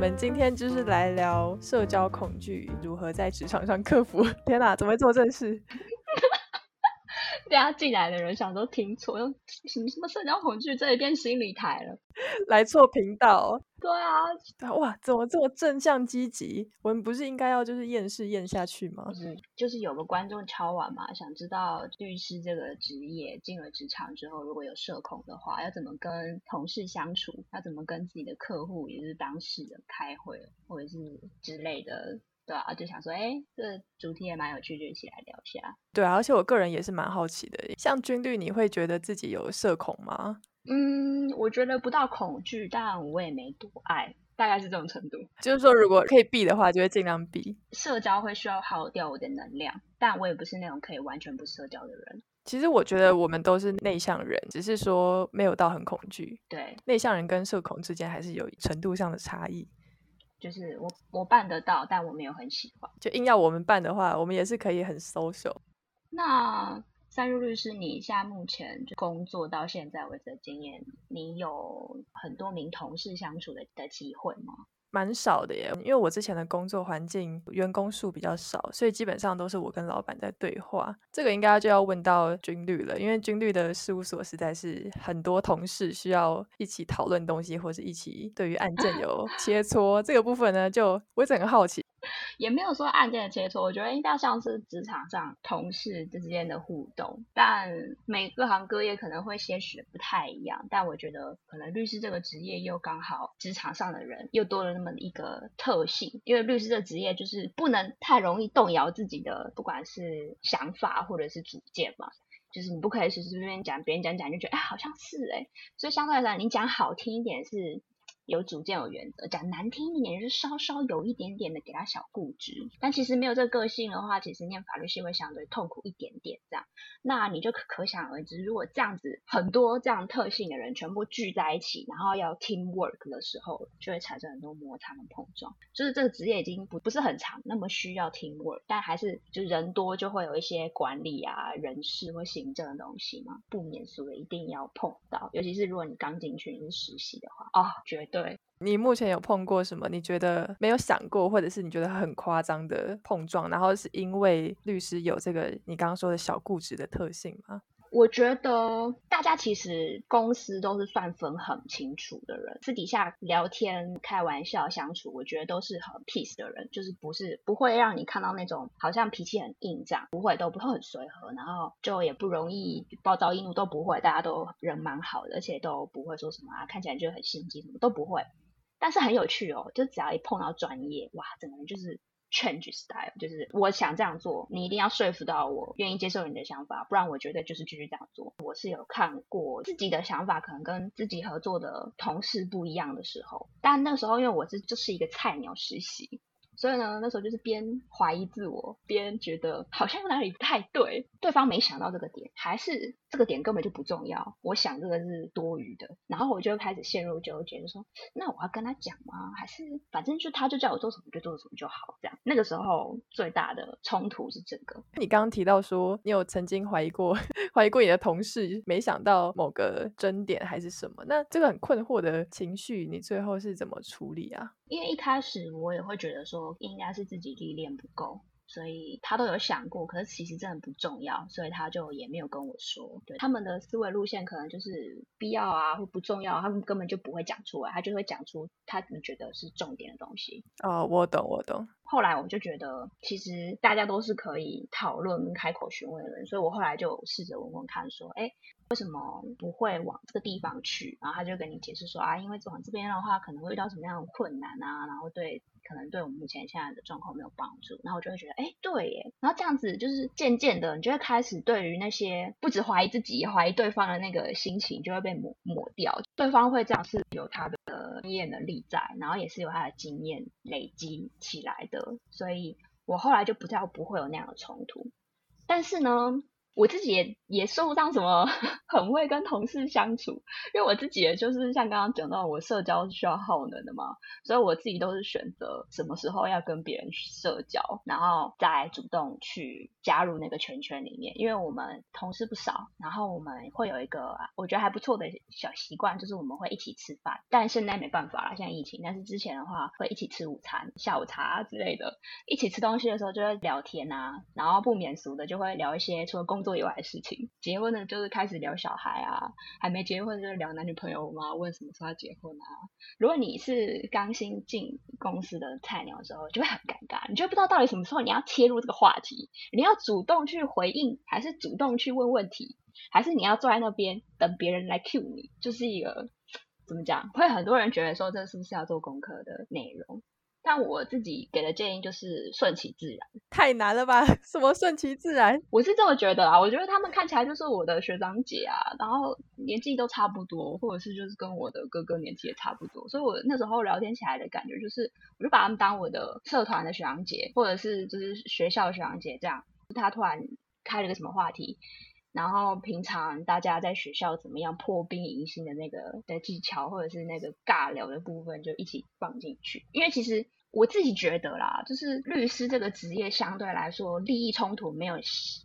我們今天就是來聊社交恐懼如何在職場上克服。天哪，啊，怎麼做正事。進、啊、來的人想都聽錯，什麼什麼社交恐懼，這裡變心理台了， 來錯頻道。對啊，哇，怎麼這麼正向積極？我們不是應該要就是厭世厭下去嗎、嗯？就是有個觀眾敲碗嘛，想知道律師這個職業進了職場之後，如果有社恐的話，要怎麼跟同事相處？要怎麼跟自己的客戶，也就是當事人開會或者是之類的？對啊，就想說，哎，這個主題也蠻有趣、趣，就一起來聊一下。對啊，而且我個人也是蠻好奇的。像軍律，你會覺得自己有社恐嗎？嗯，我覺得不到恐懼，但我也沒多愛，大概是這種程度。就是說，如果可以避的話，就會盡量避。社交會需要耗掉我的能量，但我也不是那種可以完全不社交的人。其實我覺得我們都是內向人，只是說沒有到很恐懼。對，內向人跟社恐之間還是有程度上的差異。就是我我辦得到，但我沒有很喜歡。就硬要我們辦的話，我們也是可以很 social。那三入律師，你現在目前就工作到現在為止的經驗，你有很多名同事相處的的機會嗎？蠻少的耶，因為我之前的工作環境員工數比較少，所以基本上都是我跟老闆在對話。這個應該就要問到軍律了，因為軍律的事務所實在是很多同事需要一起討論東西，或者是一起對於案件有切磋。 這個部分呢，就我整個好奇。也沒有說案件的切磋，我覺得應該像是職場上同事之間的互動，但每個行各業可能會些許不太一樣。但我覺得可能律師這個職業又剛好職場上的人又多了那麼一個特性，因為律師這個職業就是不能太容易動搖自己的，不管是想法或者是主見嘛，就是你不可以隨隨便便講別人講講就覺得哎好像是哎，所以相對來講你講好聽一點是。有主見有原則，講難聽一點就是稍稍有一點點的給他小固執，但其實沒有這個個性的話，其實念法律系會相對痛苦一點點這樣。那你就可，可想而知，如果這樣子很多這樣特性的人全部聚在一起，然後要 team work 的時候，就會產生很多摩擦和碰撞。就是這個職業已經不不是很長，那麼需要 team work，但還是就人多就會有一些管理啊、人事或行政的東西嘛，不免俗的一定要碰到。尤其是如果你剛進去你是實習的話，哦，絕對。你目前有碰過什麼？你覺得沒有想過，或者是你覺得很誇張的碰撞，然後是因為律師有這個你剛剛說的小固執的特性嗎？我覺得大家其實公司都是算分很清楚的人，私底下聊天、開玩笑、相處，我覺得都是很 peace 的人，就是不是不會讓你看到那種好像脾氣很硬這樣，不會都不會很隨和，然後就也不容易暴躁易怒都不會，大家都人蠻好的，而且都不會說什麼啊，看起來就很心機什麼都不會，但是很有趣哦，就只要一碰到專業，哇，整個人就是。change style，就是我想這樣做，你一定要說服到我願意接受你的想法，不然我覺得就是繼續這樣做。我是有看過自己的想法可能跟自己合作的同事不一樣的時候，但那時候因為我這就是一個菜鳥實習。所以呢，那時候就是邊懷疑自我，邊覺得好像哪裡不太對，對方沒想到這個點，還是這個點根本就不重要，我想這個是多餘的。然後我就開始陷入糾結，就說那我要跟他講嗎？還是反正就他就叫我做什麼就做什麼就好，這樣。那個時候最大的衝突是這個。你剛剛提到說，你有曾經懷疑過。 懷疑過你的同事，沒想到某個爭點還是什麼。那這個很困惑的情緒，你最後是怎麼處理啊？因為一開始我也會覺得說，應該是自己歷練不夠。所以他都有想過，可是其實真的不重要，所以他就也沒有跟我說。對他們的思維路線，可能就是必要啊，或不重要，他們根本就不會講出來，他就會講出他覺得是重點的東西。哦，我懂，我懂。後來我就覺得，其實大家都是可以討論、開口詢問的人，所以我後來就試着問問看說：“哎。”為什麼不會往這個地方去？然後他就跟你解釋說啊，因為這往這邊的話，可能會遇到什麼樣的困難啊，然後對，可能對我們目前現在的狀況沒有幫助。然後我就會覺得，哎，對耶。然後這樣子就是漸漸的，你就會開始對於那些不止懷疑自己，也懷疑對方的那個心情，就會被抹抹掉。對方會這樣是有他的經驗能力在，然後也是有他的經驗累積起來的。所以，我後來就比較不會有那樣的衝突。但是呢，我自己。也。也說不上什麼很會跟同事相處，因為我自己也就是像剛剛講到，我社交是需要耗能的嘛，所以我自己都是選擇什麼時候要跟別人社交，然後再主動去加入那個圈圈裡面。因為我們同事不少，然後我們會有一個、啊、我覺得還不錯的小習慣，就是我們會一起吃飯。但現在沒辦法了，現在疫情。但是之前的話會一起吃午餐、下午茶、啊、之類的，一起吃東西的時候就會聊天吶、啊，然後不免俗的就會聊一些除了工作以外的事情。結婚的，就是開始聊小孩啊；還沒結婚，就是聊男女朋友嘛。問什麼時候要結婚啊？如果你是剛新進公司的菜鳥的時候，就會很尷尬，你就不知道到底什麼時候你要切入這個話題，你要主動去回應，還是主動去問問題，還是你要坐在那邊等別人來 cue 你？就是一個怎麼講？會很多人覺得說，這是不是要做功課的內容？但我自己給的建議就是順其自然，太難了吧？什麼順其自然？我是這麼覺得啊。我覺得他們看起來就是我的學長姐啊，然後年紀都差不多，或者是就是跟我的哥哥年紀也差不多，所以我那時候聊天起來的感覺就是，我就把他們當我的社團的學長姐，或者是就是學校的學長姐，這樣。他突然開了個什麼話題？然後平常大家在學校怎麼樣破冰迎新的那個的技巧，或者是那個尬聊的部分，就一起放進去。因為其實我自己覺得啦，就是律師這個職業相對來說利益衝突沒有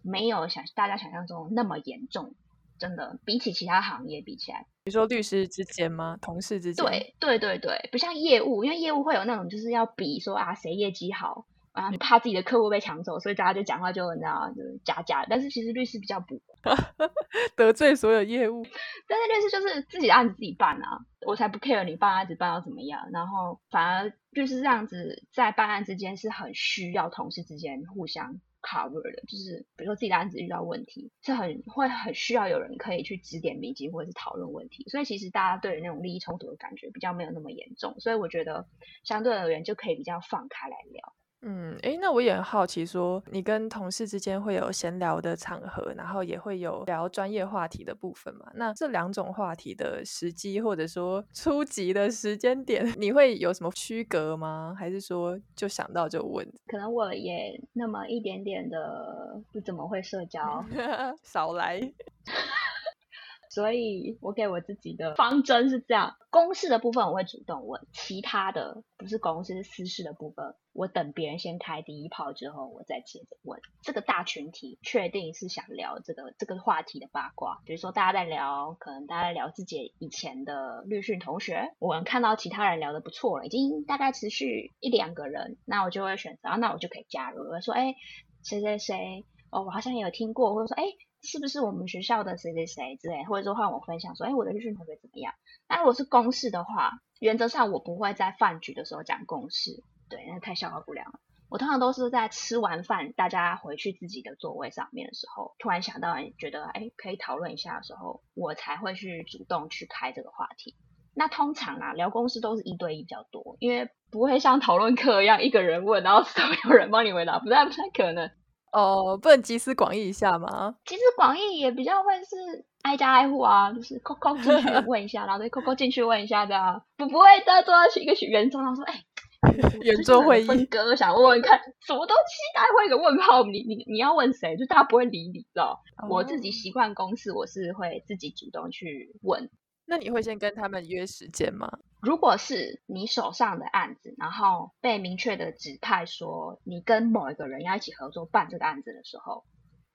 沒有想大家想象中那麼嚴重。真的，比起其他行業比起來，比如說律師之間嗎？同事之間。對對對對，不像業務，因為業務會有那種就是要比說啊誰業績好。啊，你怕自己的客戶被搶走，所以大家就講話就，就那樣，就假假。但是其實律師比較補， 得罪所有業務。但是律師就是自己的案子自己辦啊，我才不 care 你辦案子辦到怎麼樣。然後反而律師這樣子在辦案之間是很需要同事之間互相 cover 的，就是比如說自己的案子遇到問題，是很會很需要有人可以去指點迷津，或者是討論問題。所以其實大家對那種利益衝突的感覺比較沒有那麼嚴重，所以我覺得相對而言就可以比較放開來聊。嗯，哎，那我也很好奇說，說你跟同事之間會有閒聊的場合，然後也會有聊專業話題的部分嘛？那這兩種話題的時機，或者說初級的時間點，你會有什麼區隔嗎？還是說就想到就問？可能我也那麼一點點的不怎麼會社交， 少來。 所以我給我自己的方針是這樣，公事的部分我會主動問，其他的不是公事是私事的部分，我等別人先開第一炮之後，我再接着問。這個大群體確定是想聊這個這個話題的八卦，比如說大家在聊，可能大家在聊自己以前的律訓同學，我們看到其他人聊得不錯了，已經大概持續一兩個人，那我就會選擇，啊，那我就可以加入，我會說，哎誰誰誰哦，我好像也有聽過，或者說哎、欸。是不是我們學校的誰誰誰之類，或者說換我分享說，哎，我的興趣同學怎麼樣？那如果是公事的話，原則上我不會在飯局的時候講公事，對，那太消化不良了，了。我通常都是在吃完飯，大家回去自己的座位上面的時候，突然想到，覺得哎，可以討論一下的時候，我才會去主動去開這個話題。那通常啊，聊公司都是一對一比較多，因為不會像討論課一樣，一個人問，然後所有人幫你回答，不太不太可能。哦，不能集思廣益一下嗎？集思廣益也比較會是挨家挨戶啊，就是扣扣進去問一下， 然後對扣扣進去問一下的，不不會坐到一個圓桌，他說，哎，圓桌會議，我想問問看，什麼都期待會有一個問號，你你你要問誰？就大家不會理你咯。Oh. 我自己習慣公式，我是會自己主動去問。那你會先跟他們約時間嗎？如果是你手上的案子，然後被明確的指派說你跟某一個人要一起合作辦這個案子的時候，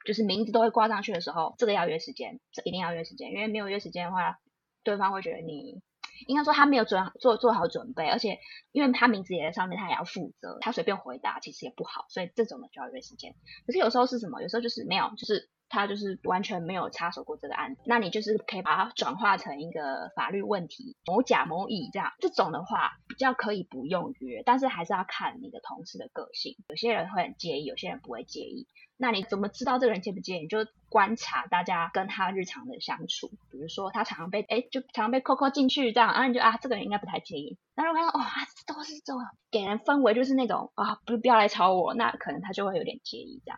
就是名字都會掛上去的時候，這個要約時間，這一定要約時間，因為沒有約時間的話，對方會覺得你應該說他沒有準，做，做好準備，而且因為他名字也在上面，他也要負責，他隨便回答其實也不好，所以這種的就要約時間。可是有時候是什麼？有時候就是沒有，就是。他就是完全沒有插手過這個案子，那你就是可以把它轉化成一個法律問題，某甲某乙這樣，這種的話比較可以不用約，但是還是要看你的同事的個性，有些人會很介意，有些人不會介意。那你怎麼知道這個人介不介意？你就觀察大家跟他日常的相處，比如說他常常被誒就常常被扣扣進去這樣，然後你就啊這個人應該不太介意。然後他看到哇，這、哦、都是這種給人氛圍就是那種啊，不不要來吵我，那可能他就會有點介意這樣。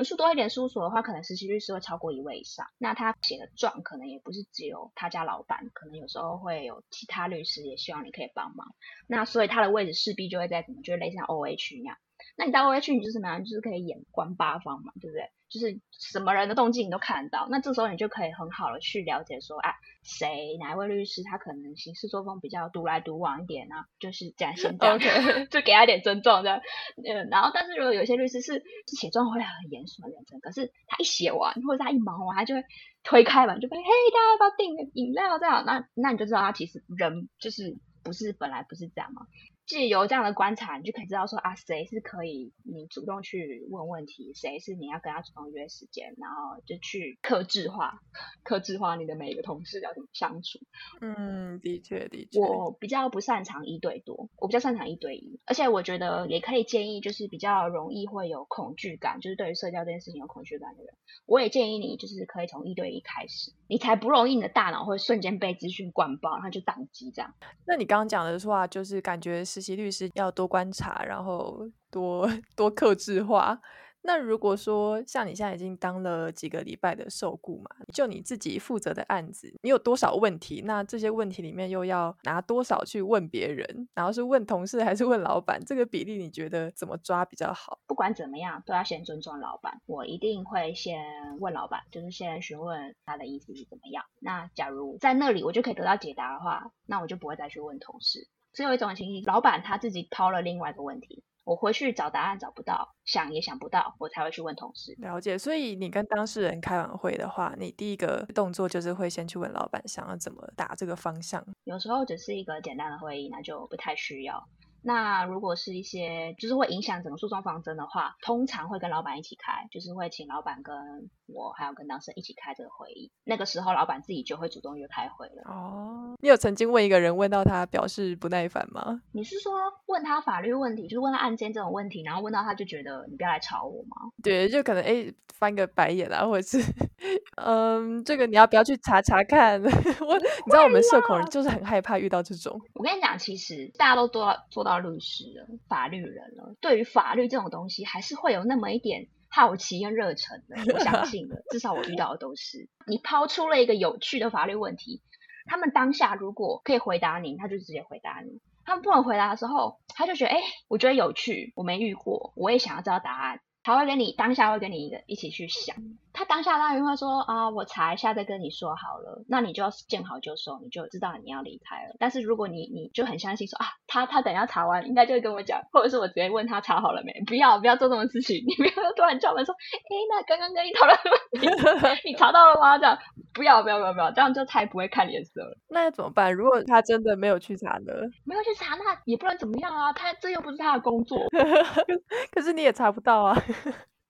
人數多一點，事務所的話，可能實習律師會超過一位以上。那他寫的狀，可能也不是只有他家老板，可能有時候會有其他律師也希望你可以幫忙。那所以他的位置勢必就會在什麼，就會類似像 O H 一樣。那你到外面去，你就是什麼樣，就是可以眼觀八方嘛，對不對？就是什麼人的動靜你都看得到。那這時候你就可以很好的去了解說，啊，誰哪一位律師他可能行事作風比較獨來獨往一點呢、啊？就是講這樣，行這樣，就給他一點尊重這樣。嗯，然後但是如果有些律師是，是寫狀會很嚴肅認真，可是他一寫完或者他一忙完，他就會推開門，就問嘿，hey, 大家要不要訂個飲料這樣？那那你就知道他其實人就是不是本來不是這樣嘛。藉由這樣的觀察，你就可以知道說啊，誰是可以你主動去問問題，誰是你要跟他主動約時間，然後就去客製化、客製化你的每一個同事要怎麼相處。嗯，的確的確。我比較不擅長一對多，我比較擅長一對一。而且我覺得也可以建議，就是比較容易會有恐懼感，就是對於社交這件事情有恐懼感的人，我也建議你就是可以從一對一開始，你才不容易你的大腦會瞬間被資訊灌爆，然後就宕機這樣。那你剛剛講的話，就是感覺是。實習律師要多觀察，然後多多克制化。那如果說像你現在已經當了幾個禮拜的受雇嘛，就你自己負責的案子，你有多少問題？那這些問題裡面又要拿多少去問別人？然後是問同事還是問老闆？這個比例你覺得怎麼抓比較好？不管怎麼樣，都要先尊重老闆。我一定會先問老闆，就是先詢問他的意思是怎麼樣。那假如在那裡我就可以得到解答的話，那我就不會再去問同事。所以只有一種情形，老闆他自己拋了另外一個問題，我回去找答案找不到，想也想不到，我才會去問同事。了解，所以你跟當事人開完會的話，你第一個動作就是會先去問老闆想要怎麼打這個方向。有時候只是一個簡單的會議，那就不太需要。那如果是一些就是會影響整個訴訟方針的話，通常會跟老闆一起開，就是會請老闆跟我還有跟當事人一起開這個會議。那個時候老闆自己就會主動約開會了。哦，你有曾經問一個人問到他表示不耐煩嗎？你是說問他法律問題，就是問他案件這種問題，然後問到他就覺得你不要來吵我嗎？對，就可能哎、欸、翻個白眼啊，或者是嗯，這個你要不要去查查看？ 我你知道我們社恐人就是很害怕遇到這種。我跟你講，其實大家都做做到法律師法律人了，對於法律這種東西，還是會有那麼一點好奇跟熱忱的，我相信的。至少我遇到的都是， 你拋出了一個有趣的法律問題，他們當下如果可以回答你，他就直接回答你；他們不能回答的時候，他就覺得，哎、欸，我覺得有趣，我沒遇過，我也想要知道答案，他會跟你當下會跟你一個，一起去想。他當下打應話說啊、哦，我查一下再跟你說好了。那你就要見好就收，你就知道你要離開了。但是如果你你就很相信說啊，他他等下查完應該就會跟我講，或者是我直接問他查好了沒？不要不要做這種事情，你不要，不要，你不要突然叫我說，哎、欸，那剛剛跟你討論什麼？你查到了嗎？這樣不要不要不要不要，這樣就太不會看臉色了。那要怎麼辦？如果他真的沒有去查呢？沒有去查，那也不能怎麼樣啊。他這又不是他的工作， 可是你也查不到啊。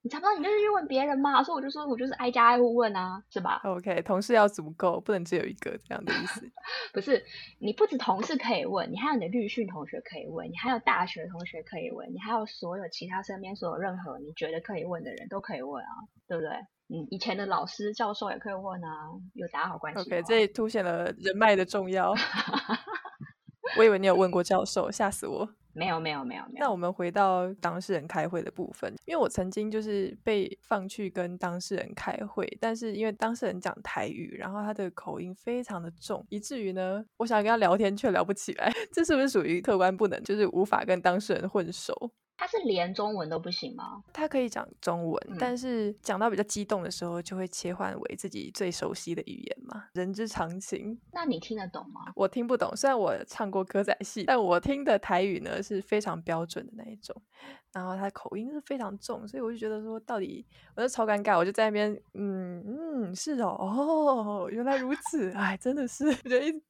你查不到，你就是去問別人嘛。所以我就說，我就是挨家挨戶問啊，是吧？OK，同事要足夠，不能只有一個這樣的意思。 不是，你不止同事可以問，你還有你的律訓同學可以問，你還有大學同學可以問，你還有所有其他身邊所有任何你覺得可以問的人都可以問啊，對不對？嗯，以前的老師教授也可以問啊，有打好關係。OK，這也凸顯了人脈的重要。 我以為你有問過教授，嚇死我。沒有沒有沒有。那我們回到當事人開會的部分，因為我曾經就是被放去跟當事人開會，但是因為當事人講台語，然後他的口音非常的重，以至於呢，我想跟他聊天卻聊不起來。這是不是屬於客觀不能，就是無法跟當事人混熟？他是連中文都不行嗎？他可以講中文，嗯、但是講到比較激動的時候，就會切換為自己最熟悉的語言嘛，人之常情。那你聽得懂嗎？我聽不懂。雖然我唱過歌仔戲，但我聽的台語呢是非常標準的那一種，然後他的口音是非常重，所以我就覺得說到底，我就超尷尬，我就在那邊，嗯嗯，是哦，哦，原來如此， 哎，真的是人。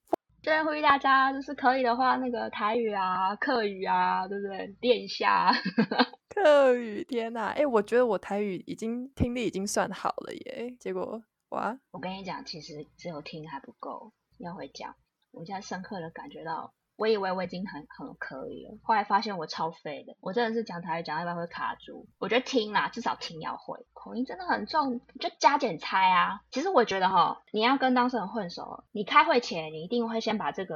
對，呼籲大家，就是可以的話，那個台語啊、客語啊，對不對？練一下。 客語，天吶，哎，我覺得我台語已經聽力已經算好了耶。結果，哇！我跟你講，其實只有聽還不夠，要會講。我現在深刻的感覺到。我以為我已經很很可以了，後來發現我超廢的。我真的是講台語講到一半會卡住。我覺得聽啦，至少聽要會。口音真的很重，就加減猜啊。其實我覺得齁，你要跟當事人混熟，你開會前你一定會先把這個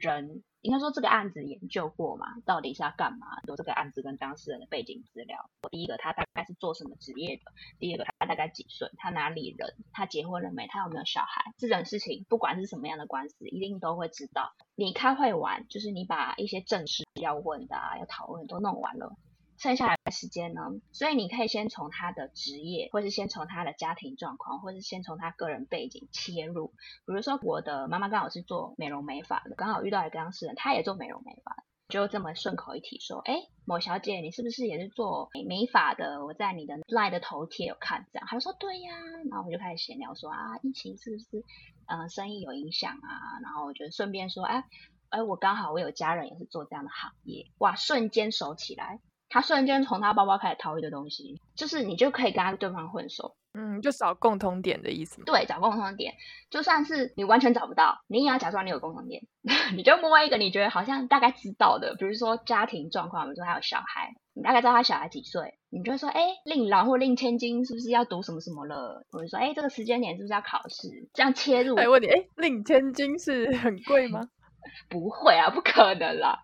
人。應該說這個案子研究過嘛，到底是要幹嘛？有這個案子跟當事人的背景資料。第一個他大概是做什麼職業的？第二個他大概幾歲？他哪裡人？他結婚了沒？他有沒有小孩？這種事情不管是什麼樣的官司，一定都會知道。你開會完，就是你把一些正事要問的、啊、要討論的都弄完了。剩下來的時間呢，所以你可以先從他的職業，或是先從他的家庭狀況，或是先從他個人背景切入。比如說，我的媽媽剛好是做美容美髮的，剛好遇到一個當事人，他也做美容美髮，就這麼順口一提說：“哎、欸，某小姐，你是不是也是做美美髮的？我在你的 LINE 的頭貼有看。”這樣他說：“對呀、啊。”然後我就開始閒聊說：“啊，疫情是不是嗯生意有影響啊？”然後我就順便說：“哎、欸、哎、欸，我剛好我有家人也是做這樣的行業，哇，瞬間熟起來。”他瞬間從他包包開始掏一個東西，就是你就可以跟他對方混熟，嗯，就找共同點的意思。對，找共同點，就算是你完全找不到，你也要假裝你有共同點。 你就摸一個你覺得好像大概知道的，比如說家庭狀況，比如說他有小孩，你大概知道他小孩幾歲，你就會說：“哎、欸，令郎或令千金是不是要讀什麼什麼了？”或者說：“哎、欸，這個時間點是不是要考試？”這樣切入。還、哎、問你：“哎、欸，令千金是很貴嗎？” 不會啊，不可能啦。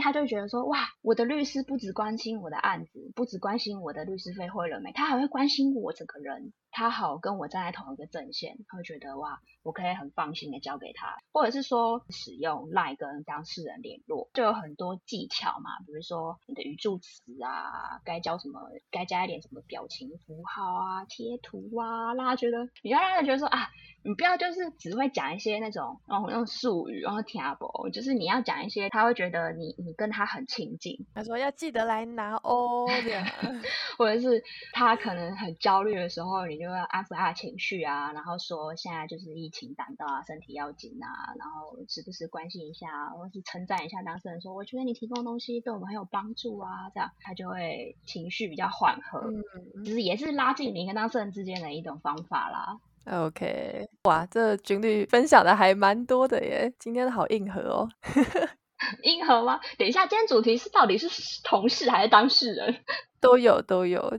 他就覺得說，哇，我的律師不只關心我的案子，不只關心我的律師費匯了沒，他還會關心我這個人。他好跟我站在同一個陣線，他會覺得哇，我可以很放心的交給他，或者是說使用賴跟當事人聯絡，就有很多技巧嘛，比如說你的語助詞啊，該教什麼，該加一點什麼表情符號啊、貼圖啊，讓他覺得你要讓他覺得說啊，你不要就是只會講一些那種然後用術語，然後填啊不，就是你要講一些他會覺得你你跟他很親近。他說要記得來拿哦， 或者是他可能很焦慮的時候，你。就要安撫他情緒啊，然後說現在就是疫情當道啊，身體要緊吶、啊，然後時不時關心一下啊，或是稱讚一下當事人說，說我覺得你提供的東西對我們很有幫助啊，這樣他就會情緒比較緩和，就、嗯、是也是拉近你跟當事人之間的一種方法啦。OK，哇，這群裡分享的還蠻多的耶，今天好硬核哦， 硬核嗎？等一下，今天主題是到底是同事還是當事人？ 都有，都有。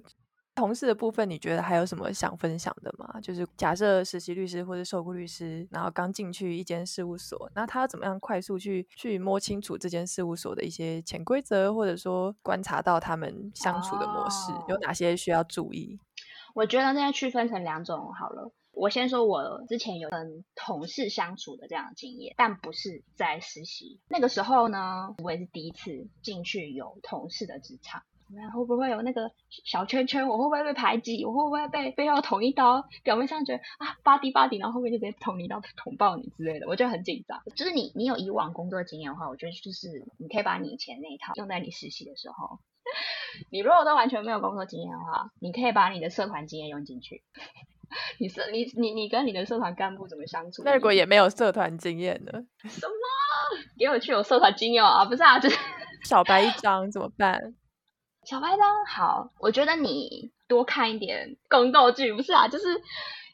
同事的部分，你覺得還有什麼想分享的嗎？就是假設實習律師或者受雇律師，然後剛進去一間事務所，那他要怎麼樣快速去去摸清楚這間事務所的一些潛規則，或者說觀察到他們相處的模式，哦、有哪些需要注意？我覺得那區分成兩種好了。我先說我之前有跟同事相處的這樣的經驗，但不是在實習。那個時候呢，我也是第一次進去有同事的職場。會不會有那個小圈圈？我會不會被排擠？我會不會被背後捅一刀？表面上覺得啊，巴迪巴迪，然後後面就直接捅你一刀，捅爆你之類的，我就很緊張。就是你，你有以往工作經驗的話，我覺得就是你可以把你以前那一套用在你實習的時候。你如果都完全沒有工作經驗的話，你可以把你的社團經驗用進去。你社，你你你跟你的社團幹部怎麼相處？那如果也沒有社團經驗呢？什麼？給我去有社團經驗啊？不是啊，就是小白一張，怎麼辦？小白燈好，我覺得你多看一點宮鬥劇。不是啊，就是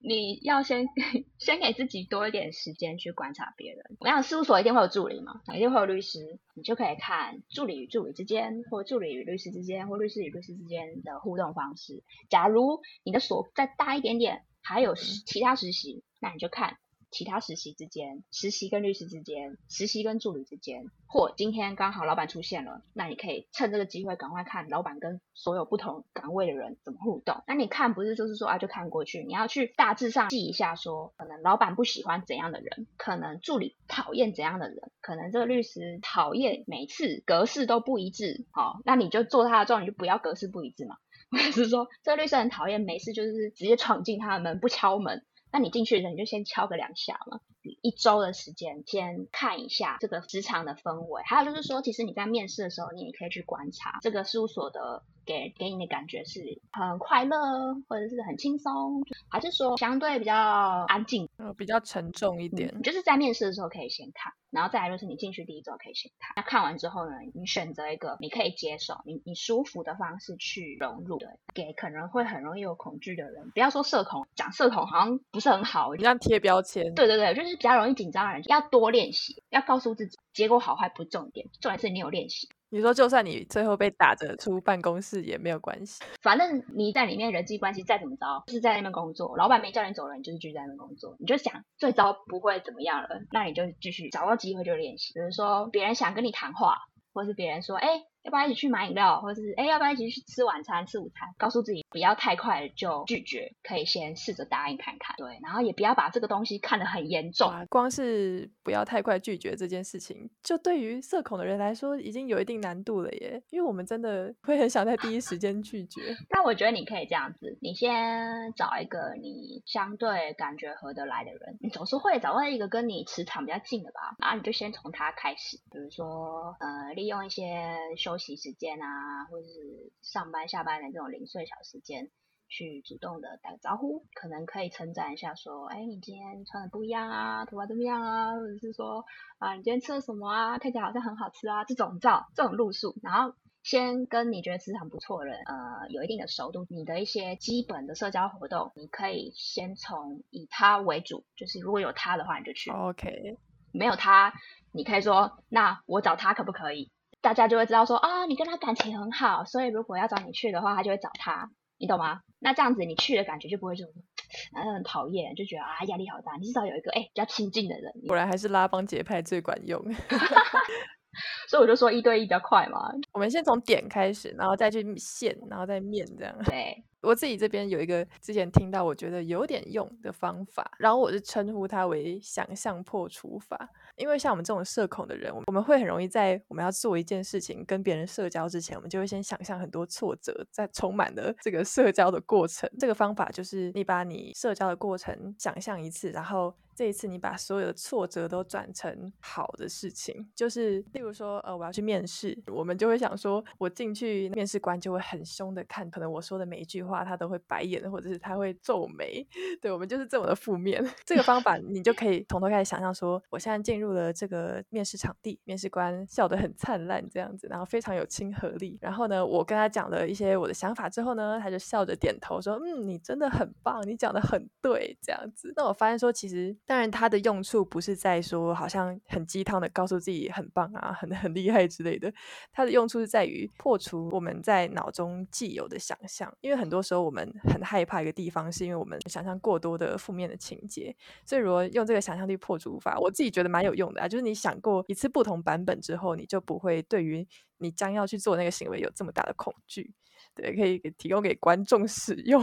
你要先 先給自己多一點時間去觀察別人。我想事務所一定會有助理嘛、啊，一定會有律師，你就可以看助理與助理之間，或助理與律師之間，或律師與律師之間的互動方式。假如你的所再大一點點，還有其他實習，嗯、那你就看。其他實習之間，實習跟律師之間，實習跟助理之間，或今天剛好老闆出現了，那你可以趁這個機會趕快看老闆跟所有不同崗位的人怎麼互動。那你看不是就是說啊就看過去，你要去大致上記一下說，說可能老闆不喜歡怎樣的人，可能助理討厭怎樣的人，可能這個律師討厭每次格式都不一致，好、哦，那你就做他的狀況，你就不要格式不一致嘛。或 者是說，這個律師很討厭每次就是直接闖進他的門，不敲門。那你進去的時候，你就先敲個兩下嘛。一週的時間先看一下這個職場的氛圍，還有就是說，其實你在面試的時候，你也可以去觀察這個事務所的給給你的感覺是很快樂，或者是很輕鬆，還是說相對比較安靜，呃、比較沉重一點，嗯。就是在面試的時候可以先看，然後再來就是你進去第一周可以先看。那看完之後呢，你選擇一個你可以接受、你你舒服的方式去融入對。給可能會很容易有恐懼的人，不要說社恐，講社恐好像不是很好，這樣貼標籤。對對對，就是。比較容易緊張的人，要多練習，要告訴自己，結果好壞不重點，重點是你有練習。你說，就算你最後被打得出辦公室也沒有關係，反正你在裡面人際關係再怎麼着，就是在那邊工作，老闆沒叫你走人，你就是繼續在那邊工作。你就想最糟不會怎麼樣了，那你就繼續找到機會就練習，比如說別人想跟你談話，或是別人說，哎、欸。要不要一起去買飲料，或者是哎、欸，要不要一起去吃晚餐，吃午餐？告訴自己不要太快就拒絕，可以先試着答應看看。對，然後也不要把這個東西看得很嚴重。啊，光是不要太快拒絕這件事情，就對於社恐的人來說，已經有一定難度了耶。因為我們真的會很想在第一時間拒絕。但、啊，我覺得你可以這樣子，你先找一個你相對感覺合得來的人，你總是會找到一個跟你磁場比較近的吧。然後你就先從他開始，比如說呃，利用一些。休息時間啊，或者是上班下班的這種零碎小時間，去主動的打個招呼，可能可以稱讚一下，說：“哎、欸，你今天穿的不一樣啊，頭髮怎麼樣啊？”或者是說：“啊，你今天吃了什麼啊？看起來好像很好吃啊！”這種照這種路數，然後先跟你覺得磁場不錯的人，呃，有一定的熟度，你的一些基本的社交活動，你可以先從以他為主，就是如果有他的話，你就去。OK。沒有他，你可以說：“那我找他可不可以？”大家就會知道說啊，你跟他感情很好，所以如果要找你去的話，他就會找他，你懂嗎？那這樣子你去的感覺就不會就，呃、很討厭，就覺得啊壓力好大。你至少有一個哎、欸、比較親近的人，果然還是拉幫結派最管用。 所以我就說一對一比較快嘛。我們先從點開始，然後再去線，然後再面這樣。對。我自己這邊有一個之前聽到，我覺得有點用的方法，然後我就稱呼它為“想象破除法”。因為像我們這種社恐的人，我們會很容易在我們要做一件事情跟別人社交之前，我們就會先想象很多挫折，再充滿了這個社交的過程。這個方法就是你把你社交的過程想象一次，然後這一次你把所有的挫折都轉成好的事情。就是，例如說，呃，我要去面試，我們就會想說，我進去面試官就會很兇的看，可能我說的每一句。話他都會白眼，或者是他會皺眉。對，我們就是這麼的負面。這個方法你就可以從頭開始想象說，說我現在進入了這個面試場地，面試官笑得很燦爛，這樣子，然後非常有親和力。然後呢，我跟他講了一些我的想法之後呢，他就笑着點頭說：“嗯，你真的很棒，你講得很對。”這樣子。那我發現說，其實當然它的用處不是在說好像很雞湯的告訴自己很棒啊，很很厲害之類的。它的用處是在於破除我們在腦中既有的想象，因為很多。有時候我們很害怕一個地方，是因為我們想象過多的負面的情節。所以，如果用這個想象力破除法，我自己覺得蠻有用的啊。就是你想過一次不同版本之後，你就不會對於你將要去做那個行為有這麼大的恐懼。對，可以提供給觀眾使用。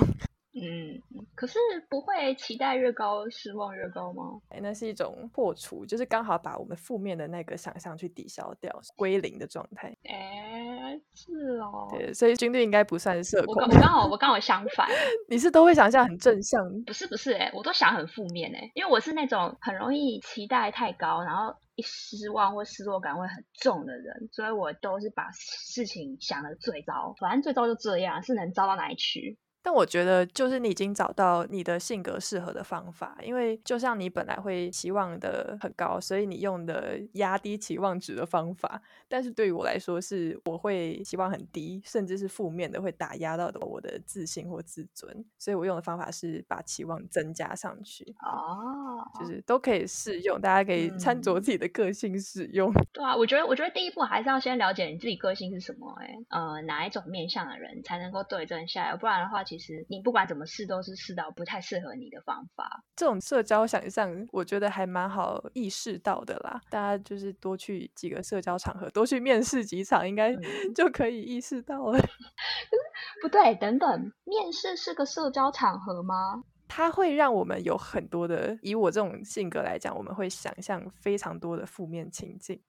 嗯，可是不會期待越高，失望越高嗎？哎、欸，那是一種破除，就是剛好把我們負面的那個想象去抵消掉，歸零的狀態。哎、欸，是哦。對，所以軍隊應該不算是社恐。我剛好，我剛好相反。 你是都會想象很正向？不是，不是，欸，哎，我都想很負面。哎、欸，因為我是那種很容易期待太高，然後一失望或失落感會很重的人，所以我都是把事情想得最糟，反正最糟就這樣，是能糟到哪裡去？但我覺得，就是你已經找到你的性格適合的方法，因為就像你本來會期望的很高，所以你用的壓低期望值的方法。但是對於我來說，是我會期望很低，甚至是負面的，會打壓到我的自信或自尊。所以我用的方法是把期望增加上去。哦，就是都可以試用，大家可以穿着自己的個性使用。嗯。對啊，我覺得，我覺得第一步還是要先了解你自己個性是什麼，欸，哎，呃，哪一種面向的人才能夠對症下藥，不然的話，其實。其實你不管怎麼試，都是試到不太適合你的方法。這種社交想象，我覺得還蠻好意識到的啦。大家就是多去幾個社交場合，多去面試幾場，應該就可以意識到了。嗯、 不對，等等，面試是個社交場合嗎？它會讓我們有很多的，以我這種性格來講，我們會想象非常多的負面情境。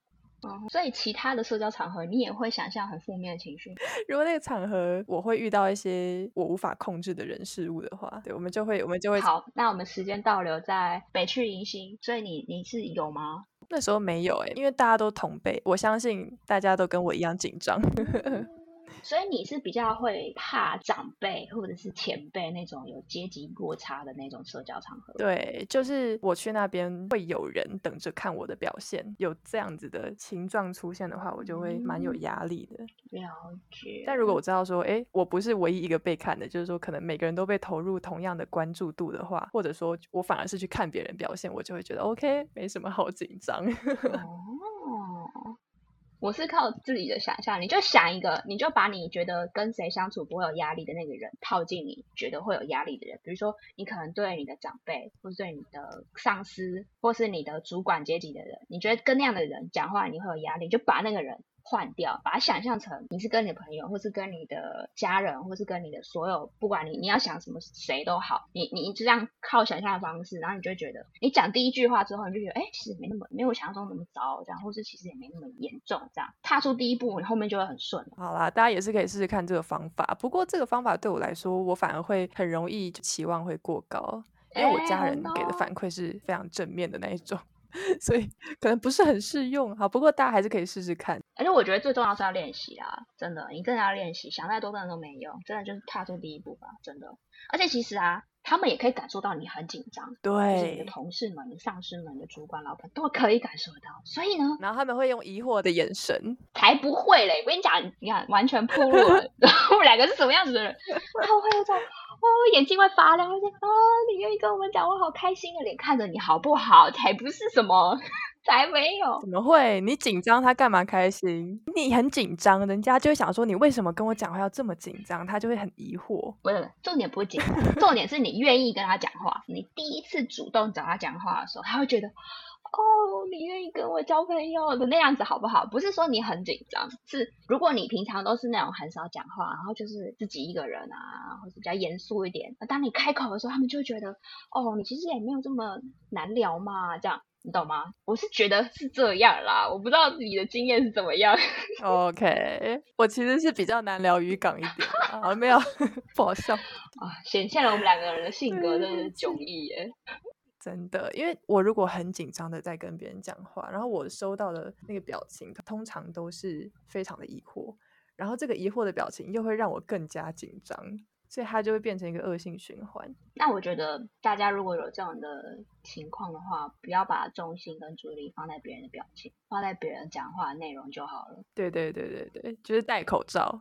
哦、嗯，所以其他的社交場合，你也會想象很負面的情緒。如果那個場合我會遇到一些我無法控制的人事物的話，對我們就會，我們就會。好，那我們時間倒流在北區迎新，所以你你是有嗎？那時候沒有哎、欸，因為大家都同輩，我相信大家都跟我一樣緊張。 所以你是比較會怕長輩或者是前輩那種有階級落差的那種社交場合？對，就是我去那邊會有人等着看我的表現，有這樣子的情狀出現的話，我就會蠻有壓力的、嗯。了解。但如果我知道說，哎、欸，我不是唯一一個被看的，就是說可能每個人都被投入同樣的關注度的話，或者說我反而是去看別人表現，我就會覺得 OK，沒什麼好緊張。 哦我是靠自己的想象，你就想一個，你就把你覺得跟誰相處不會有壓力的那個人，套進你覺得會有壓力的人。比如說，你可能對你的長輩，或是對你的上司，或是你的主管階級的人，你覺得跟那樣的人講話你會有壓力，就把那個人。換掉，把它想象成你是跟你的朋友，或是跟你的家人，或是跟你的所有，不管你你要想什麼，誰都好。你你這樣靠想象的方式，然後你就會覺得，你講第一句話之後，你就覺得，哎、欸，其實沒那麼，沒有想象中那麼糟，這樣，或是其實也沒那麼嚴重，這樣。踏出第一步，你後面就會很順。好啦，大家也是可以試試看這個方法。不過這個方法對我來說，我反而會很容易期望會過高，因為我家人給的反饋是非常正面的那一種。 所以可能不是很適用哈、啊，不過大家還是可以試試看。而、欸、且我覺得最重要是要練習啊，真的，你真的要練習，想再多真的都沒用，真的就是踏出第一步吧，真的。而且其實啊。他們也可以感受到你很緊張，對，就是、你的同事們、你的上司們、你的主管老、老板，都可以感受到。所以呢，然後他們會用疑惑的眼神。才不會嘞！我跟你講，你看，完全暴露了， 我們兩個是什麼樣子的人？我會有種，哦，眼睛會發亮，而且啊，你願意跟我們講，我好開心的臉看着你好不好？才不是什麼。才沒有！怎麼會？你緊張，他幹嘛開心？你很緊張，人家就會想說你為什麼跟我講話要這麼緊張？他就會很疑惑。不是，不是重點不是緊張，重點是你願意跟他講話。 你第一次主動找他講話的時候，他會覺得哦，你願意跟我交朋友的那樣子，好不好？不是說你很緊張，是如果你平常都是那種很少講話，然後就是自己一個人啊，或者比較嚴肅一點，那當你開口的時候，他們就會覺得哦，你其實也沒有這麼難聊嘛，這樣。你懂嗎？我是覺得是這樣啦，我不知道你的經驗是怎麼樣。OK，我其實是比較難聊漁港一點、啊，我 沒有呵呵不好笑啊，顯現了我們兩個人的性格真的是迥異耶。真的，因為我如果很緊張的在跟別人講話，然後我收到的那個表情通常都是非常的疑惑，然後這個疑惑的表情又會讓我更加緊張。所以它就會變成一個惡性循環。那我覺得大家如果有這樣的情況的話，不要把重心跟注意力放在別人的表情，放在別人講話的內容就好了。對對對對對，就是戴口罩，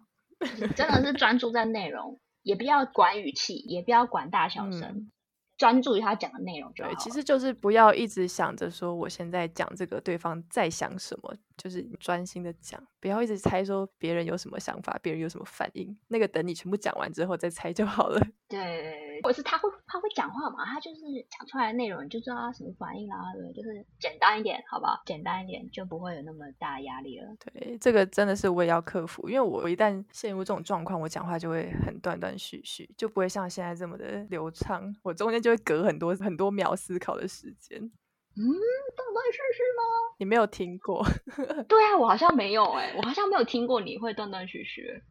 真的是專注在內容， 也不要管語氣，也不要管大小聲，專、嗯、注於他講的內容就好了。對，其實就是不要一直想着說我現在講這個，對方在想什麼。就是專心的講，不要一直猜說別人有什麼想法，別人有什麼反應。那個等你全部講完之後再猜就好了。對，或者是他會他會講話嘛，他就是講出來的內容，你就知道他什麼反應啦。對，就是簡單一點，好不好？簡單一點就不會有那麼大的壓力了。對，這個真的是我也要克服，因為我我一旦陷入這種狀況，我講話就會很斷斷續續，就不會像現在這麼的流暢。我中間就會隔很多很多秒思考的時間。嗯，斷斷續續嗎？你沒有聽過？ 對啊，我好像沒有哎、欸，我好像沒有聽過你會斷斷續續。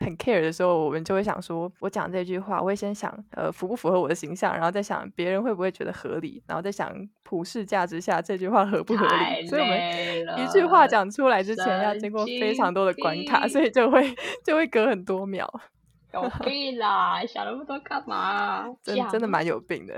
很 care 的時候，我們就會想說，我講這句話，我會先想，呃，符不符合我的形象，然後再想別人會不會覺得合理，然後再想普世價值下這句話合不合理。所以我們一句話講出來之前，要經過非常多的關卡，所以就會就會隔很多秒。 有病啦，想那麼多幹嘛？真真的蠻有病的。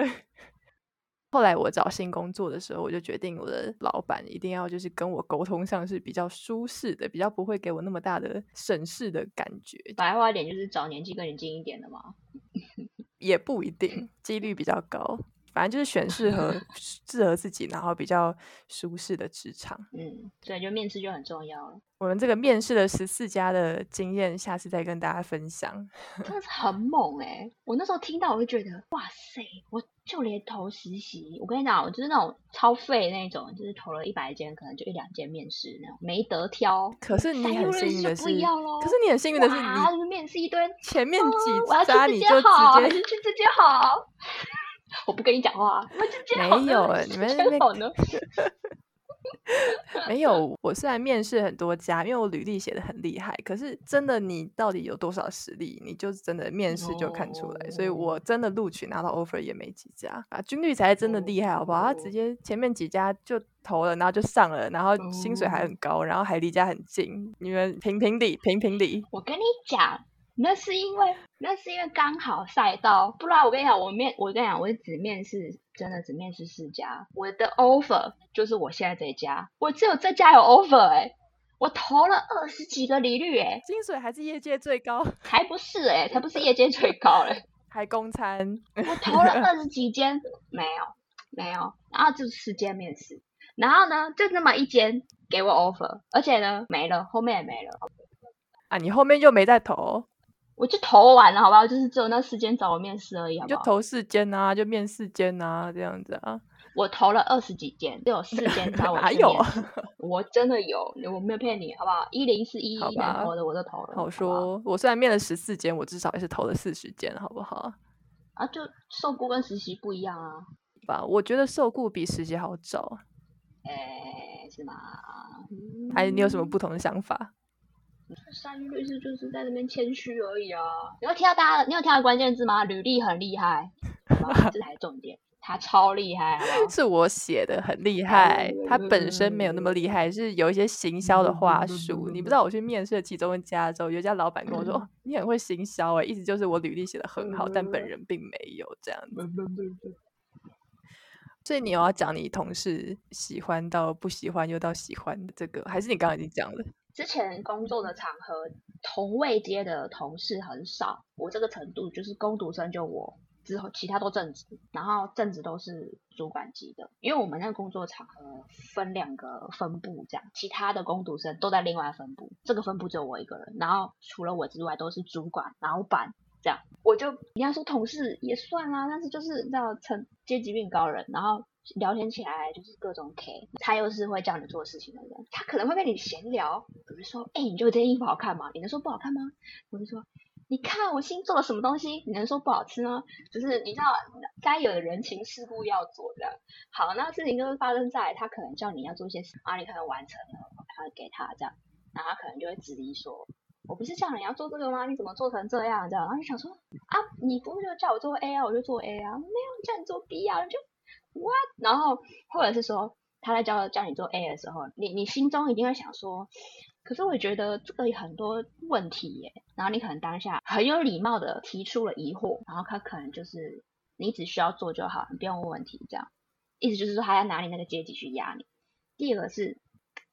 後來我找新工作的時候，我就決定我的老闆一定要就是跟我溝通上是比較舒適的，比較不會給我那麼大的審視的感覺。白話一點就是找年紀更近一點的嘛， 也不一定，幾率比較高。反正就是選適合適 合自己，然後比較舒適的職場。嗯，所以就面試就很重要了。我們這個面試的十四家的經驗，下次再跟大家分享。真的是很猛哎，欸！我那時候聽到，我就覺得哇塞！我就連投實習，我跟你講，我就是那種超廢那種，就是投了一百間，可能就一兩間面試，那種沒得挑。可是你很幸運的是，可是你很幸運的是，你面試一堆，前面幾家、哦、你就直接去直接去好。我不跟你講話啊！沒有，你們那邊 沒有。我雖然面試很多家，因為我履歷寫得很厲害，可是真的你到底有多少實力，你就是真的面試就看出來。Oh. 所以我真的錄取拿到 offer 也沒幾家啊。軍律才真的厲害，好不好？Oh. 他直接前面幾家就投了，然後就上了，然後薪水還很高，oh. 然後還離家很近。你們評評理，評評理！我跟你講。那是因為，那是因為剛好賽道。不然我跟你講，我面，我跟你講，我只面試，真的只面試四家。我的 offer 就是我現在這家，我只有這家有 offer、欸。哎，我投了二十幾個履歷、欸，哎，薪水還是業界最高，還不是哎、欸，才不是業界最高嘞、欸，還供餐。 我投了二十幾間，沒有，沒有，然後就四間面試，然後呢，就那麼一間給我 offer，而且呢，沒了，後面也沒了。啊，你後面就沒再投？我就投完了，好不好？就是只有那四間找我面試而已，好不好？就投四間啊，就面四間啊，這樣子啊。我投了二十幾間，就有四間找我。 哪有？我真的有，我沒有騙你，好不好？一零四一，一投的我都投了。我說，我雖然面了十四間，我至少也是投了四十間，好不好？啊，就受僱跟實習不一樣啊。吧？我覺得受僱比實習好找。誒、欸，是嗎？嗯、還有你有什麼不同的想法？鯊魚律師就是在那邊謙虛而已啊。你有聽到大家，你有聽到關鍵字嗎？履歷很厲害，這才是重點， 他超厲害，啊，是我寫的很厲害。 他本身沒有那麼厲害，是有一些行銷的話術。嗯嗯嗯嗯嗯。你不知道我去面試其中一家之有一家老闆跟我說，嗯：“你很會行銷誒、欸，意思就是我履歷寫的很好、嗯，但本人並沒有這樣子。嗯嗯嗯嗯嗯，所以你有要講你同事喜歡到不喜歡又到喜歡的這個，還是你剛剛已經講了？之前工作的場合，同位階的同事很少。我這個程度就是工讀生，就我之後其他都正職，然後正職都是主管級的。因為我們那個工作場合分兩個分部這樣，其他的工讀生都在另外分部，這個分部只有我一個人。然後除了我之外都是主管、老闆這樣。我就你要說同事也算啊，但是就是要成階級更高人，然後。聊天起來就是各種 K，他又是會叫你做事情的人，他可能會跟你閒聊，比如說，哎、欸，你覺得這件衣服好看嗎？你能說不好看嗎？我就說，你看我新做了什麼東西，你能說不好吃嗎？就是你知道該有的人情世故要做這樣。好，那事情就是發生在他可能叫你要做一些事，啊，你可能完成了，然後他給他這樣，然後他可能就會質疑說，我不是叫你要做這個嗎？你怎麼做成這樣？這樣，然後你想說，啊，你不是就叫我做 A 啊，我就做 A 啊，沒有你叫你做 B 啊，你就。what，然後或者是說他在教教你做 A 的時候，你你心中一定會想說，可是我覺得這個有很多問題耶。然後你可能當下很有禮貌的提出了疑惑，然後他可能就是你只需要做就好，你不用問問題這樣。意思就是說他要拿你那個階級去壓你。第二個是。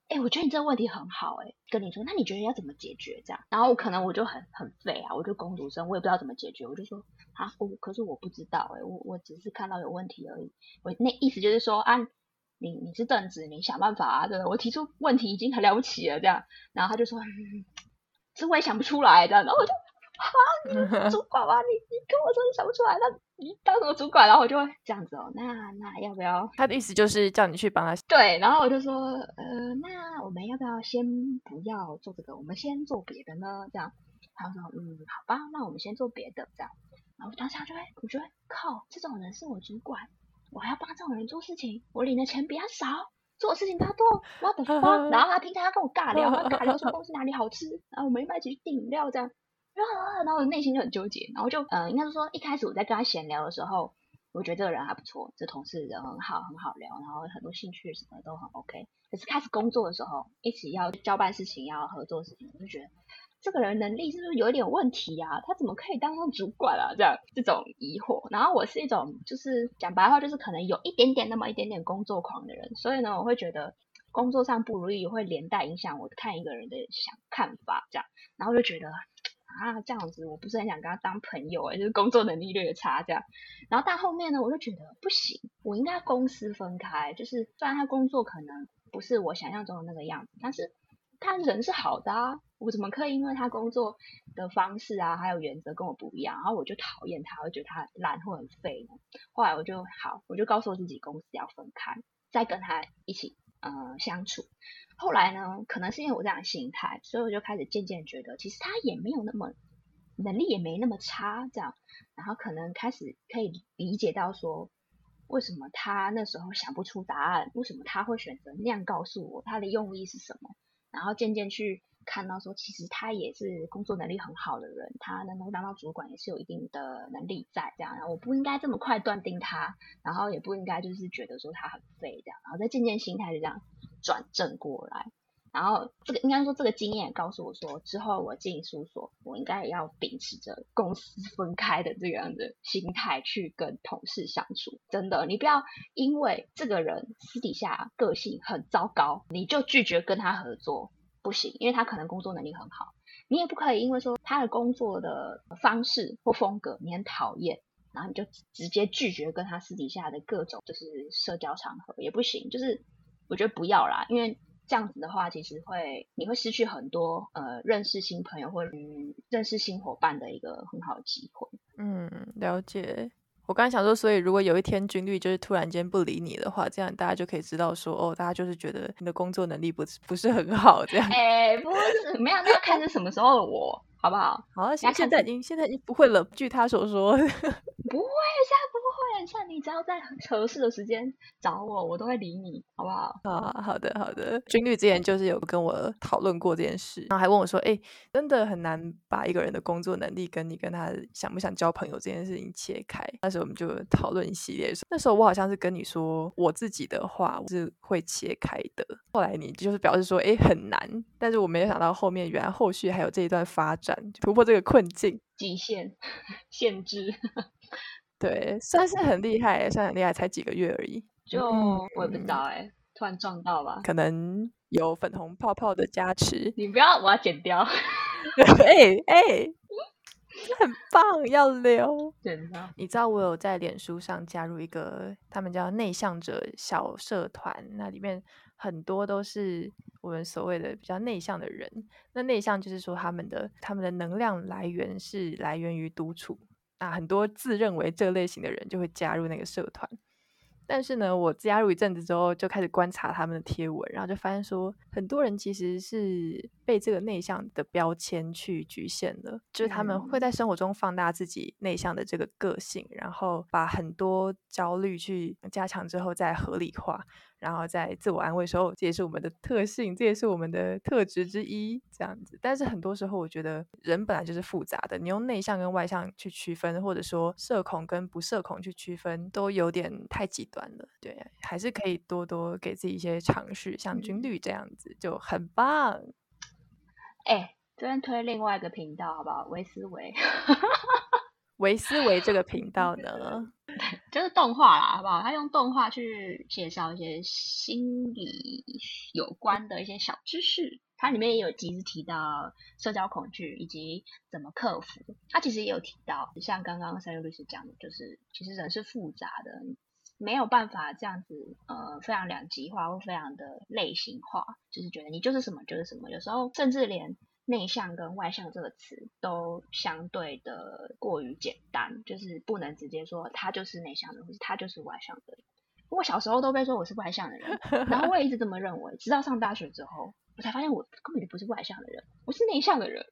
哎、欸，我覺得你這個問題很好，欸，哎，跟你說，那你覺得要怎麼解決這樣？然後我可能我就很很廢啊，我就工讀生，我也不知道怎麼解決，我就說啊，我可是我不知道，欸，哎，我我只是看到有問題而已，我那意思就是說啊，你你是凳子，你想辦法啊，對吧？我提出問題已經很了不起了，這樣，然後他就說，嗯，是我也想不出來，這樣，然後我就啊，你主管啊，你你跟我說，你想不出來，那你當什麼主管？然後我就會這樣子哦、喔，那那要不要？他的意思就是叫你去幫他。對，然後我就說，呃，那我們要不要先不要做這個？我們先做別的呢？這樣，他說，嗯，好吧，那我們先做別的這樣。然後我當時我就會，我就會靠這種人是我主管，我還要幫這種人做事情，我領的錢比他少，做事情比他多，我的媽。然後他平常要跟我尬聊， 他尬聊說公司哪裡好吃，然後我們又一起去訂飲料這樣。然後我內心就很糾結，然後就呃、嗯，應該說一開始我在跟他閒聊的時候，我覺得這個人還不錯，這同事人很好，很好聊，然後很多興趣什麼都很 OK。可是開始工作的時候，一起要交辦事情，要合作事情，我就覺得這個人能力是不是有一點問題啊？他怎麼可以當上主管啊？這樣這種疑惑。然後我是一種就是講白話，就是可能有一點點那麼一點點工作狂的人，所以呢，我會覺得工作上不如意會連帶影響我看一個人的想看法，這樣，然後就覺得。啊，這樣子我不是很想跟他當朋友、欸、就是工作能力略差這樣。然後到後面呢，我就覺得不行，我應該要公私分開。就是雖然他工作可能不是我想象中的那個樣子，但是他人是好的啊。我怎麼可以因為他工作的方式啊，還有原則跟我不一樣，然後我就討厭他，就覺得他懶或很廢呢？後來我就好，我就告訴我自己公私要分開，再跟他一起。呃、嗯，相處，後來呢，可能是因為我這樣心態，所以我就開始漸漸覺得，其實他也沒有那麼能力，也沒那麼差，這樣，然後可能開始可以理解到說，為什麼他那時候想不出答案，為什麼他會選擇那樣告訴我，他的用意是什麼，然後漸漸去。看到說，其實他也是工作能力很好的人，他能夠當到主管也是有一定的能力在這樣。然後我不應該這麼快斷定他，然後也不應該就是覺得說他很廢這樣。然後再漸漸心態就這樣轉正過來，然後這個應該說這個經驗也告訴我說，之後我進事務所，我應該也要秉持着公私分開的這樣的心態去跟同事相處。真的，你不要因為這個人私底下個性很糟糕，你就拒絕跟他合作。不行，因為他可能工作能力很好，你也不可以因為說他的工作的方式或風格你很討厭，然後你就直接拒絕跟他私底下的各種就是社交場合也不行。就是我覺得不要啦，因為這樣子的話，其實會你會失去很多呃認識新朋友或者認識新夥伴的一個很好的機會。嗯，了解。我剛才想說，所以如果有一天軍律就是突然間不理你的話，這樣大家就可以知道說，哦，大家就是覺得你的工作能力不是不是很好，這樣。哎、欸，不是，沒有，那要看是什麼時候的我，好不好？好、啊，現現在已經現在已經不會了。據他所說。 不會，現在不會。像你只要在合適的時間找我，我都會理你，好不好？啊，好的，好的。君律之前就是有跟我討論過這件事，然後還問我說：“哎，真的很難把一個人的工作能力跟你跟他想不想交朋友這件事情切開。”那時候我們就討論一系列。那時候我好像是跟你說，我自己的話我是會切開的，後來你就是表示說：“哎，很難。”但是我沒有想到後面，原來後續還有這一段發展，突破這個困境、極限、限制。對，算是很厲害是，算很厲害，才幾個月而已。就我也不知道、欸嗯，突然撞到吧？可能有粉紅泡泡的加持。你不要，我要剪掉。哎 哎、欸欸，很棒，要留。剪掉。你知道我有在臉書上加入一個，他們叫內向者小社團，那裡面很多都是我們所謂的比較內向的人。那內向就是說，他們的他們的能量來源是來源於獨處。啊，很多自認為這類型的人就會加入那個社團，但是呢，我加入一陣子之後就開始觀察他們的貼文，然後就發現說，很多人其實是被這個內向的標籤去局限了，就是他們會在生活中放大自己內向的這個個性，嗯、然後把很多焦慮去加強之後再合理化。然後在自我安慰的時候，這也是我們的特性，這也是我們的特質之一，這樣子。但是很多時候，我覺得人本來就是複雜的，你用內向跟外向去區分，或者說社恐跟不社恐去區分，都有點太極端了。對，還是可以多多給自己一些嘗試，像軍律這樣子，嗯、這樣子就很棒。哎，這邊推另外一個頻道好不好？維思維。 維思維這個頻道呢、哎，就是動畫啦，好不好？他用動畫去介紹一些心理有關的一些小知識。它裡面也有及時提到社交恐懼以及怎麼克服。它其實也有提到，像剛剛三六律師講的，就是其實人是複雜的，沒有辦法這樣子呃非常兩極化或非常的類型化，就是覺得你就是什麼就是什麼。有時候，甚至連內向跟外向這個詞都相對的過於簡單，就是不能直接說他就是內向的人，或者他就是外向的人。我小時候都被說我是外向的人，然後我也一直這麼認為，直到上大學之後，我才發現我根本就不是外向的人，我是內向的人。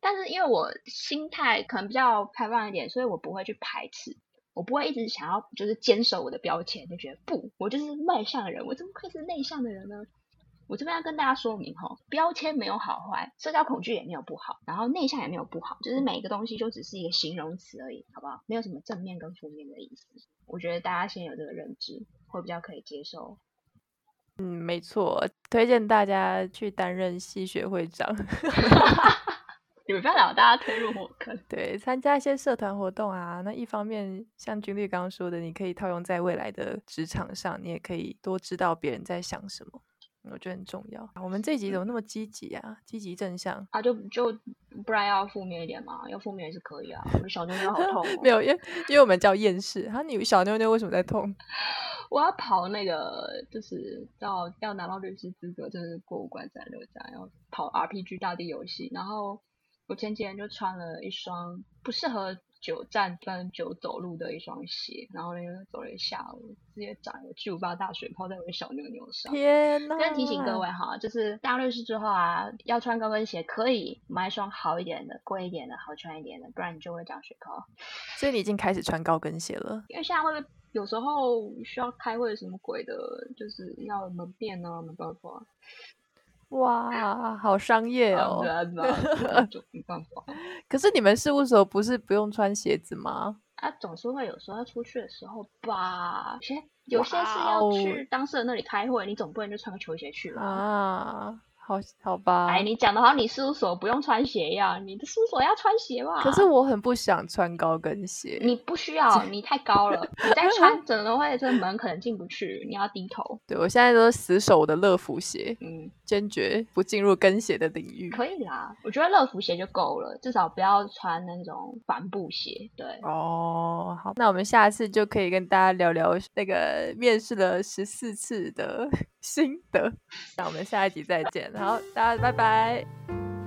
但是因為我心態可能比較開放一點，所以我不會去排斥，我不會一直想要就是堅守我的標籤，就覺得不，我就是外向的人，我怎麼會是內向的人呢？我這邊要跟大家說明哈、哦，標籤沒有好壞，社交恐懼也沒有不好，然後內向也沒有不好，就是每一個東西就只是一個形容詞而已，好不好？沒有什麼正面跟負面的意思。我覺得大家先有這個認知會比較可以接受。嗯，沒錯，推薦大家去擔任系學會長， 你不要老大家推入火坑。對，參加一些社團活動啊，那一方面像君律剛剛說的，你可以套用在未來的職場上，你也可以多知道別人在想什麼。我覺得很重要。我們這一集怎麼那麼積極啊？積極正向啊？就就不然要負面一點嘛？要負面也是可以啊。我們小妞妞好痛、哦。 沒有，因為因為我們叫厭世。他、啊、你小妞妞為什麼在痛？我要跑那個，就是要要拿到律師資格，就是過五關斬六將，要跑 RPG 大地遊戲。然後我前幾天就穿了一雙不適合。久站分久走路的一雙鞋，然後呢又走了一下午，直接長了巨無霸大水泡在我的小牛牛上。天吶！先提醒各位哈，就是當律師之後啊，要穿高跟鞋，可以買一雙好一點的、貴一點的、好穿一點的，不然你就會長水泡。所以你已經開始穿高跟鞋了？因為現在會不會有時候需要開會什麼鬼的，就是要門面啊，沒辦法。哇、啊，好商業哦、啊！ 沒辦法，可是你們事務所不是不用穿鞋子嗎？啊，總是會有時候要出去的時候吧？其實有些是要去當事人那裡開會、哦，你總不能就穿個球鞋去吧？啊。好，好吧。哎，你講的好像，你事務所不用穿鞋呀？你的事務所要穿鞋吧？可是我很不想穿高跟鞋。你不需要，你太高了， 你再穿整會，整的話這個門可能進不去，你要低頭。對，我現在都是死守我的樂福鞋，嗯，堅決不進入跟鞋的領域。可以啦，我覺得樂福鞋就夠了，至少不要穿那種帆布鞋。對，哦，好，那我們下次就可以跟大家聊聊那個面試了十四次的。心得。那我們下一集再見。好，大家拜拜。